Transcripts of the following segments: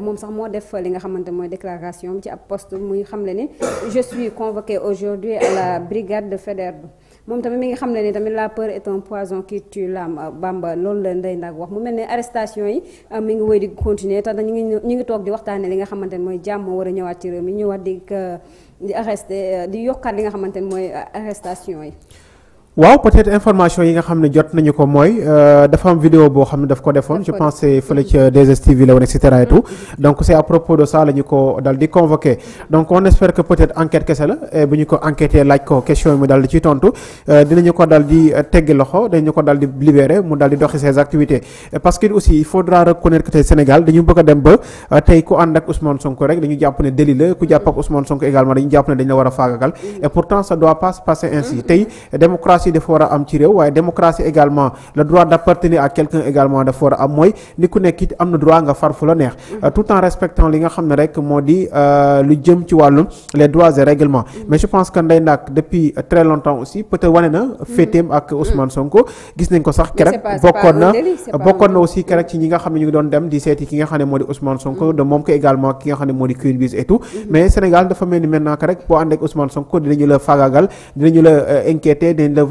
moom sax moo def li nga xamante mooy déclaration ci ab poste muy xamle ni je suis convoqué aujourd'hui à la brigade de Faidherbe moom tamit mi ngi xamle ni tamit la peur est un poison qui tue l'âme Bamba loolu la Ndeye Ndack wax mu mel ne arrestation yi euh, mi ngi wéy di continuer te ñu ngi ngi toog di waxtaanee li nga xamante ne mooy jàmm war a ñëwaat ci réew mi ñëwaat di euh, di arrêté euh, di yokkaat li nga xamante ne mooy arrestation yi. waaw peut-être information yi nga xam ne jot nañu ko mooy euh, dafa am vidéo boo xam ne daf ko defoon je pense c'est fële ca 2STV euh, la woon et mm-hmm. donc c'est à propos de ça la ko dal di convoqué donc on espère que peut-être enquête kese la bu ñu ko enquêté laaj ko dal di ci tontu euh, dinañu ko dal di teggi loxo dinañu ko dal di libéré mu dal di doxi ses activités parce que aussi il faudra reconnaître que tey Sénégal dañu bëgg dem ba tey ku ànd ak Ousmane Sonko rek dañu jàpp ne délit la ku jàpp ak Ousmane Sonko démocratie war a am ci réew waaye démocratie également le droit d'appartenir à quelqu'un également dafa war a am mooy ni ku nekk it am na droit nga far fu la neex mm-hmm. euh, tout en respectant li nga xam ne rek moo di euh, lu jëm ci wàllum les droits et règlements mm-hmm. mais je pense que Ndeye Ndack depuis très longtemps aussi peut-être na mm-hmm. féeteem ak Ousmane Sonko gis nañ ko sax kerek bokkoon na bokkoon na aussi kerek ci ñi nga xam ne ñu doon dem di seeti ki nga xam ne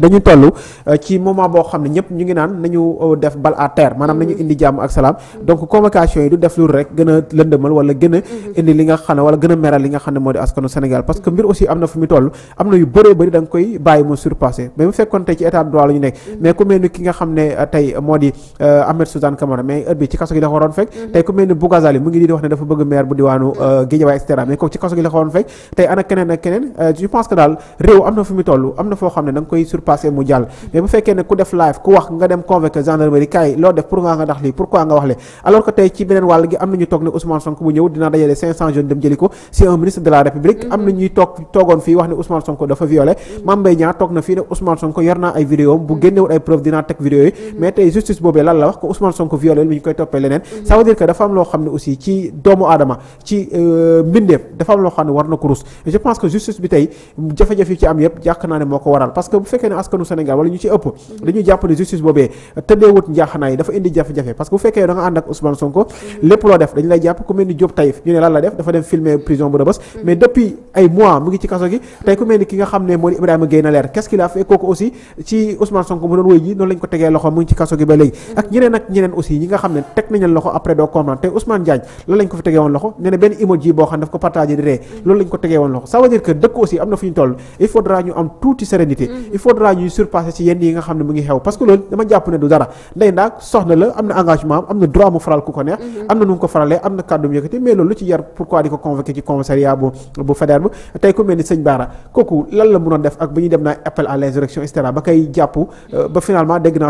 dañu toll euh, ci moment boo xam ne ñëpp ñu ngi naan nañu euh, def bal à maanaam nañu mm-hmm. indi jàmm ak salaam donc convocation yi du def loolu rek gën a lëndëmal wala a mm-hmm. indi li nga xam ne wala gën meral li nga xam ne moo di askanu Sénégal parce que mbir aussi am na fu mu toll am na foo xam ne da nga koy passé mu jàll mais bu fekkee ne ku def live ku wax nga dem convoqué gendarmerie kaay loo def pour nga nga ndax lii pourquoi nga wax le alors que tey ci beneen wàll gi am nañu toog ne Ousmane Sonko bu ñëw dina dajale 500 jeunes dem jëli ko c'est un ministre de la République am na ñuy toog toogoon fii wax ne Ousmane Sonko dafa violé Mame Mbaye toog na fii ne Ousmane Sonko yor naa ay vidéo bu génnewul ay preuve dinaa teg vidéo yi mais tey justice boobee yenn askanu Sénégal wala ñu ci ëpp dañuy jàpp ne justice boobee tëddeewut njaaxanaay dafa indi jafe-jafe parce que bu fekkee da nga ànd ak Ousmane Sonko lépp loo def dañ lay jàpp ku mel ni Diop Taïf ñu ne lan la mm. ko tegee loxo mu ngi ci kaso gi ba léegi mm. ak ñeneen ak ñeneen aussi ñi nga xam ne teg nañ leen loxo après doo comprendre tey Ousmane Diagne lan lañ ko fi tegee woon loxo nee benn emoji boo xam daf ko partagé di ree mm. loolu lañ ko tegee woon faudra ñuy surpasser ci yenn tey ku mel ni sëñ Bara kooku lan la mënoon def ak ba ñuy dem naa appel à l'insurrection et ba kay jàpp euh, ba mm-hmm.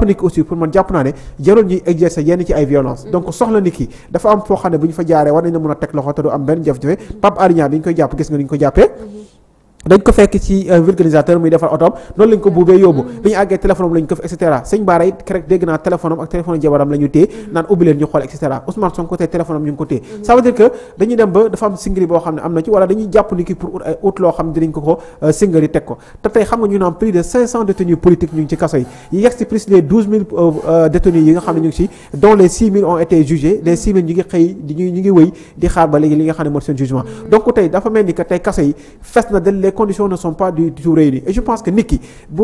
Mm-hmm. aussi pour man jàpp naa ne jarul ñuy exercer yenn ci ay violence mm-hmm. donc soxla ni dafa am foo xam ne bu fa jaaree war nañ na mën a teg loxo te du am benn jafe-jafe Pape Alioune bi ñu koy jàpp gis nga ni ñu ko jàppee dañ ko fekk ci euh, vulgarisateur muy defar otoom noonu lañ ko buubee mm-hmm. yóbbu bi àggee téléphone am ko fi et cetera sëñ Baara dégg naa téléphone ak téléphone jabaram la mm-hmm. naan ubbi leen ñu xool et cetera Ousmane Sonko tey téléphone ñu ngi ko téye mm-hmm. ça veut dire que dañuy dem ba dafa am singri boo xam ne am na ci wala dañuy jàpp ni ki pour ut loo xam ne dinañ ko ko euh, teg ko te tey xam nga ñu naan plus de 500 détenus ñu ngi ci kaso yi yi yegg si plus condition conditions ne sont pas du tout réunies et je pense que nit bu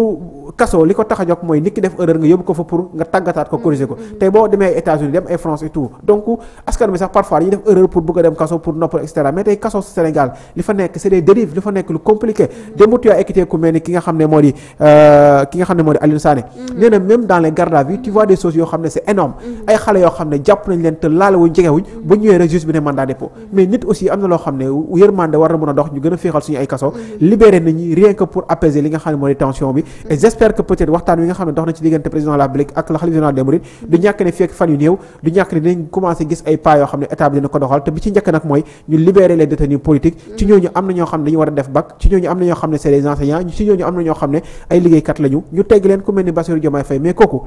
kasoo li ko tax a jóg mooy nit ki def erreur nga yóbbu ko fa pour nga tàggataat ko corriger ko mm-hmm. tey boo demee ay États-Unis dem ay France et tout donc askan bi sax parfois dañuy a dem kaso nga xam ne moo di ki nga xam ne moo di euh, Aliou Sané mm-hmm. nee dans les gardes à vue tu vois yoo xam ne c'est énorme mm-hmm. ay xale yoo xam ne jàpp nañ leen te laalawuñ jegewuñ ba ñëwee rek juste bi ne mandat dépôt mais nit aussi loo xam ne yërmande war na mën a dox ñu gën libéré nañu rien que pour apaiser li nga xam ne mooy tension bi mm. et j'espère que peut waxtaan wi nga xam ne dox na ci diggante président de la République ak la xalifa général des mourides mm. du ñàkk ne fekk fan yu néew du ñàkk ne dinañ commencé gis ay pas yoo xam ne état bi dina ko doxal te bi ci njëkk nag mooy ñu libérer les détenus politiques mm. ci ñooñu am na ñoo xam ne dañu war a def bac ci ñooñu am na ñoo xam ne c'est des enseignants ci ñooñu am na ñoo xam ne ay liggéeykat ñu leen ku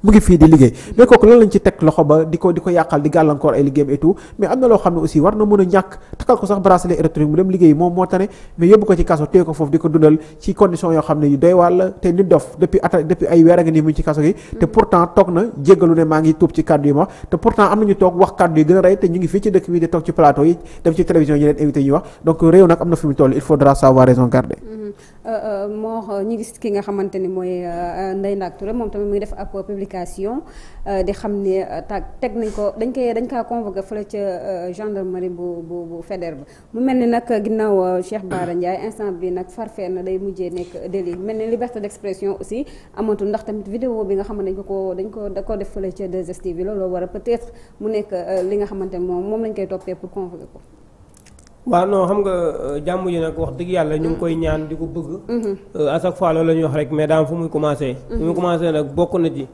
mu ngi fii di liggéey mais kooku lan lañ ci teg loxo ba di ko di ko yàqal di gàllankoor ay liggéeyam et tout mais am na loo xam ne aussi war na mën a ñàkk takkal ko sax bracelet électronique mu dem liggéey moom moo tane mais yóbbu ko ci kaso téye ko foofu di ko dundal ci condition yoo xam ne yu doy wàll te nit dof depuis at depuis ay weer a ngi nii mu ci kaso gi te mm. pourtant toog na jéggalu ne maa ngi tuub ci kàddu yi ma wax te pourtant am nañu ñu ngi fii ci dëkk bi di toog ci plateau yi dem ci télévision yi leen invité ñuy wax donc réew nag moo euh, ñu gis ki nga xamante ni mooy euh, Ndeye Ndack Touré moom tamit muy ngi def ab publication euh, di xam ne tag teg nañ ko dañ koy dañ kaa convoqué fële ca gendarmerie bu bu bu Faidherbe mu mel ni nag ginnaaw Cheikh Bara Ndiaye instant bi nag farfee na day mujjee nekk délit mel ni liberté d'expression aussi amatul ndax tamit vidéo bi nga xam ne dañ ko ko dañ ko da ko def fële ca 2STV looloo war a peut-être mu nekk li nga xamante moom moom lañ koy toppee pour convoqué ko waaw non xam nga euh, jàmm ji nag wax dëgg yàlla ñu ngi koy ñaan di ko bëgg. Mhm. Euh, à chaque fois la ñuy wax rek mais daam fu muy commencé. Mhm. fu muy commencé nag bokk na ci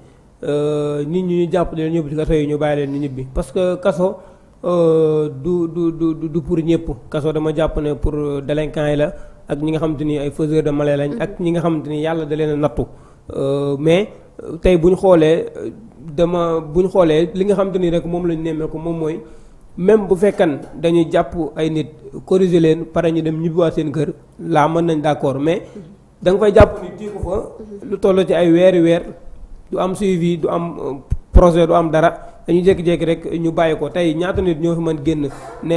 euh, nit ñi ñu jàpp leen ñëpp ñu bàyyi leen ñu ñibbi parce que kaso du du du du pour ñëpp kaso dama jàpp ne pour délinquants yi la ak ñi nga xamante ni ay faiseurs de malais lañ. Mhm. ak ñi nga xamante ni yàlla da leen a nattu mais tey bu ñu xoolee dama bu ñu xoolee li nga xamante ni rek moom lañ ko moom mooy. même bu fekkan dañuy jàpp ay nit corriger leen pare ñu dem ñibbiwaat seen kër laa mën nañ d'accord mais da nga fay jàpp ni tii fa lu toll ci ay weeri weer du am suivi du am euh, projet du am dara dañu jékki-jékki rek ñu bàyyi ko tey ñaata nit ñoo fi mën génn ne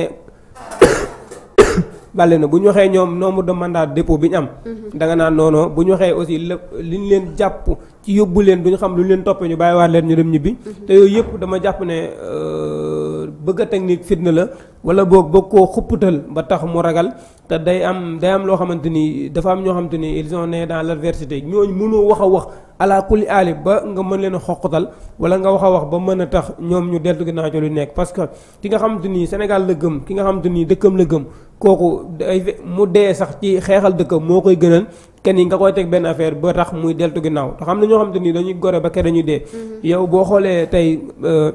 bàlle na bu ñu waxee ñoom nombre de mandat dépôt bi ñu am mhm. danga naan noonoo bu ñu waxee aussi lépp li ñu leen jàpp ci yóbbu leen du ñu xam lu ñu leen toppee ñu bàyyiwaat leen ñu dem ñibbi mhm. te yooyu yëpp dama jàpp ne euh, bëgg a teg ni fitna la wala boog bëgg koo xupputal ba tax mu ragal te day am day am loo xamante ni dafa am ñoo xamante ni ils sont nés dans l'adversité ñooñu mënoo wax a wax ala kulli aali ba nga leen a xoqatal wala nga wax a wax ba mën a tax ñoom ñu deltu ginnaaw ci lu nekk parce que ki nga xamante ni Sénégal la gëm ki nga xam xamante ni dëkkam la gëm kooku day mu dee sax ci xeexal dëkkam moo koy gënal kenn yi nga koy teg benn affaire ba tax muy deltu ginnaaw te xam na ñoo xamante ni dañuy gore ba ke dañuy dee mm-hmm. yow boo xoolee tey euh,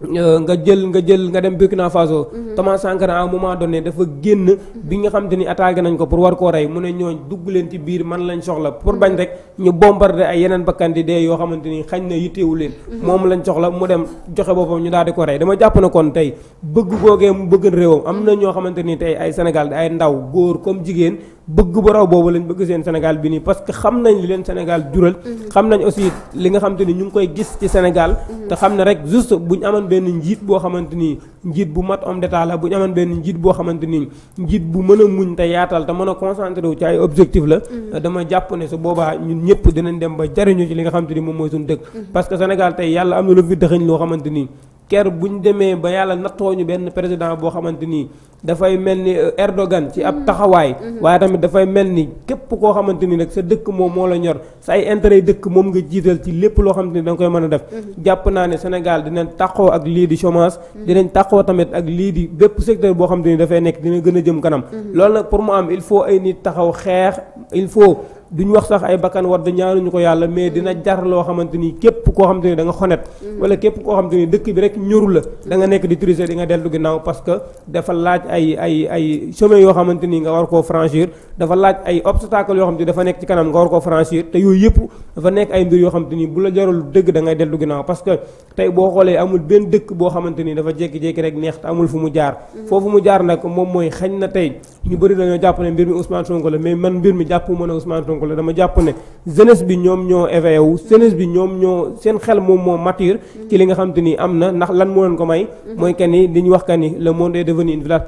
Euh, nga jël nga jël nga dem Burkina Faso. Mhm. Thomas Sankara à un moment donné dafa génn. Mhm. bi nga xam ni attaqué nañ ko pour war koo rey mu ne ñooñ dugg leen ci biir man lañ soxla pour bañ rek ñu bombardé ay yeneen bakkan di yoo xamante ni xañ na yittewu leen. Mhm. moom lañ soxla mu dem joxe boppam ñu daal di ko rey dama jàpp na kon tey bëgg googee mu bëgg réewam am na ñoo xamante ni tey ay Sénégal ay ndaw góor comme jigéen. bëgg bu boobu lañ bëgg seen Sénégal bi nii parce xam nañ li leen Sénégal jural mhm. xam nañ aussi li nga xamante ni ñu ngi koy gis ci Sénégal mhm. te xam ne rek juste bu ñu aman benn njiit boo xamante ni njiit bu mat homme d'état bu ñu amoon benn njiit boo xamante ni njiit bu mën a muñ te yaatal te mën a concentré wu ci ay objectif la mhm. dama jàpp ne su boobaa ñun ñëpp dinañ dem ba jariñu ci li nga xamante ni moom mooy suñu dëkk parce que Sénégal tey yàlla am na lu fi dëxëñ loo xamante ni ker bu ñu demee ba yàlla nattoo ñu benn président boo xamante nii dafay mel ni euh, Erdogan ci ab mm. taxawaay mm-hmm. waaye tamit dafay mel ni képp koo xamante ni nag sa dëkk moom moo la ñor sa ay intérêt dëkk moom nga jiital ci lépp loo xamante ni danga koy mën a def mm-hmm. jàpp naa ne Sénégal dinañ taqoo ak lii di chômage mm-hmm. dinañ taqoo tamit ak lii di bépp secteur boo xamante ni dafay nekk dina gën a jëm kanam lool nag pour mu am il faut ay nit taxaw xeex il faut duñu wax sax ay bakkan war da ñaanuñu ko yàlla mais dina jar loo xamante ni képp koo xamante ni da nga xonet mm. wala képp koo xamante ni dëkk bi rek ñoru la da nga nekk di tourisé di nga dellu ginnaaw parce que dafa laaj ay ay ay chemin yoo xamante ni nga war koo franchir dafa laaj ay obstacle yoo xamante ni dafa nekk ci kanam nga war koo franchir te yooyu yëpp dafa nekk ay mbir yoo xamante ni bu la jarul dëgg da ngay dellu ginnaaw parce que tey boo xoolee amul benn dëkk boo xamante ni dafa jékki-jékki neex te amul fu mu jaar mm. foofu mu jaar nag moom mooy xañ na tey ñu bëri dañoo jàpp ne mbir mi Ousmane Sonko la mais mbir mi jàpp mën donc dama jàpp ne jeunesse bi ñoom ñoo éveillé wu jeunesse bi ñoom ñoo seen xel moom moo mature ci li nga xam te ni am na ndax lan moo leen ko may mm-hmm. mooy que ni li ñu wax que ni le monde est devenu une village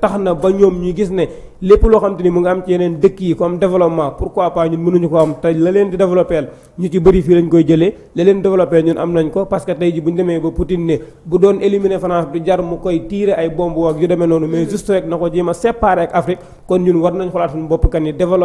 tax na ba ñoom ñu gis ne lépp loo xam te ni mu nga am ci yeneen dëkk yi comme développement pourquoi pas ñun mënuñu ko am te la leen di développé ñu ci bëri fii lañ koy jëlee la leen ne bu doon éliminer France du jar mu koy tiire ay bomb waak yu demee noonu mais juste rek na ko a séparé ak di ko ñun a ne borom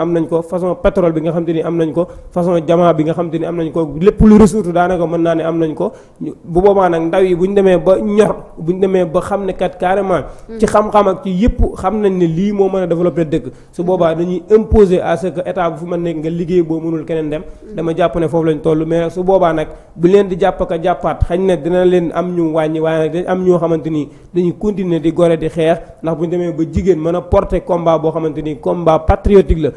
am nañ ko façon pétrole bi nga xam ni am nañ ko façon diamant bi nga xam ni am nañ ko toog lépp lu ressource daanaka mën naa ne am nañ ko bu boobaa nag ndaw yi bu demee ba ñor bu ñu demee ba xam ne kat carrément mm. ci xam-xam ak ci yëpp xam nañ ne lii moo mën a développer dëkk su boobaa dañuy imposer à ce que état bu fi mën nekk nga liggéey boo mënul keneen dem mm. dama jàpp ne foofu lañ toll mais su boobaa nag bu leen di jàpp ka jàppaat xañ na dina leen am ñu wàññi waaye nag dañ am ñoo xamante nii dañuy continuer di gore di xeex ndax bu ñu demee ba jigéen mën a porter combat boo xamante nii combat patriotique la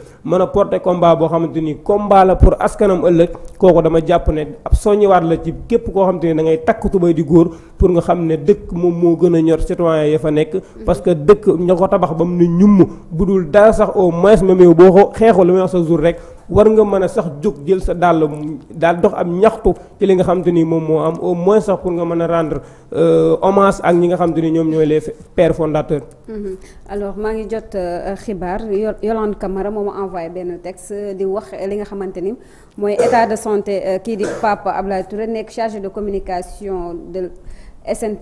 a la pour askanam ëllëg kooku ba jàpp ne ab soññewaat la ci képp koo xam ne da ngay takk tubay di góor pour nga xam ne dëkk moom moo gën a ñor citoyen ya fa nekk parce que dëkk ña ko tabax ba mu ne ñumm bu dul dara sax au moins même yow boo ko xeexu li may wax sa jour rek war nga mën a sax jóg jël sa dàll daal dox am ñaxtu ci li nga xam te ni moom moo am au moins sax pour nga mën a rendre euh, hommage ak ñi nga xam te ñoom ñooy les pères fondateurs. Mm-hmm. alors maa ngi jot euh, xibaar Yolande Camara moom ma envoyé benn texte di wax li nga xamante ni mooy état de santé euh, kii di Papa Abdoulaye Touré nekk chargé de communication de SNP.